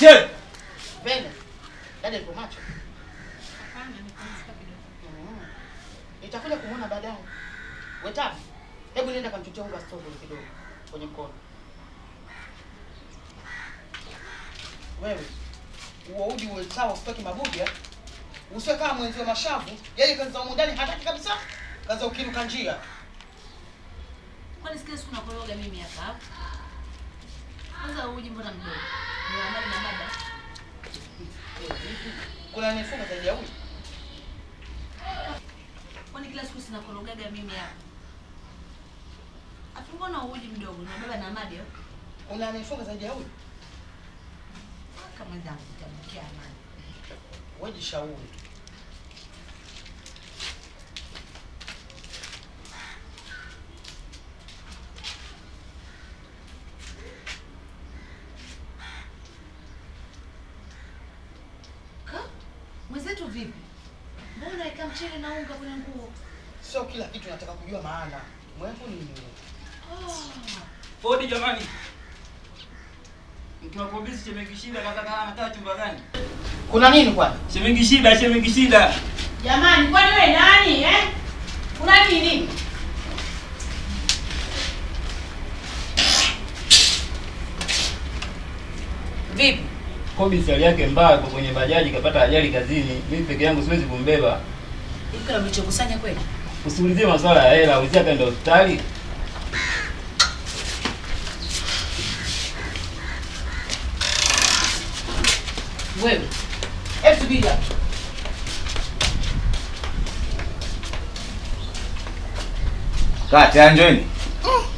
Je, Vende. Dada yuko macho. Hapana, nipumzika kidogo. Mm-hmm. Nitakuja kumuona baadaye. Weta. Hebu nenda kamchochea unga strawberry kidogo kwenye mkono. Wewe. Uo udi uwe sawa usitoke mabugia. Usiwe kama mwenzi wa mashavu. Yeye yaani kazi umundani hataki kabisa. Kazi ukiruka njia. Kwani sikia siku nakoroga mimi hapa. Kwanza uji mbona mdogo? Kuna nifunga zaidi ya huyu. Kwani kila siku sinakorogaga mimi hapa. Afungo na uji mdogo na baba na madi. Eh? Una nifunga zaidi ya huyu. Kama damu itabakia amani. Wewe jishauri. vitu vipi? Mbona eka mchele na unga kwenye nguo? Sio kila kitu nataka kujua maana. Mwepo ni nini? Oh. Fodi jamani. Mtu Mkiwakobizi shemengi shida kaka kaka anataka chumba gani? Kuna nini kwani? Shemengi shida, shemengi shida. Jamani, kwani wewe nani eh? Kuna nini? Vipi? Kobi sali yake mbaya kwa kwenye bajaji kapata ajali kazini. Mimi peke yangu siwezi kumbeba. Hivi kama mlichokusanya kweli? Usiulizie masuala ya hela, ulizia kaenda hospitali. Wewe. Hebu bila. Kati, anjoni. Mm.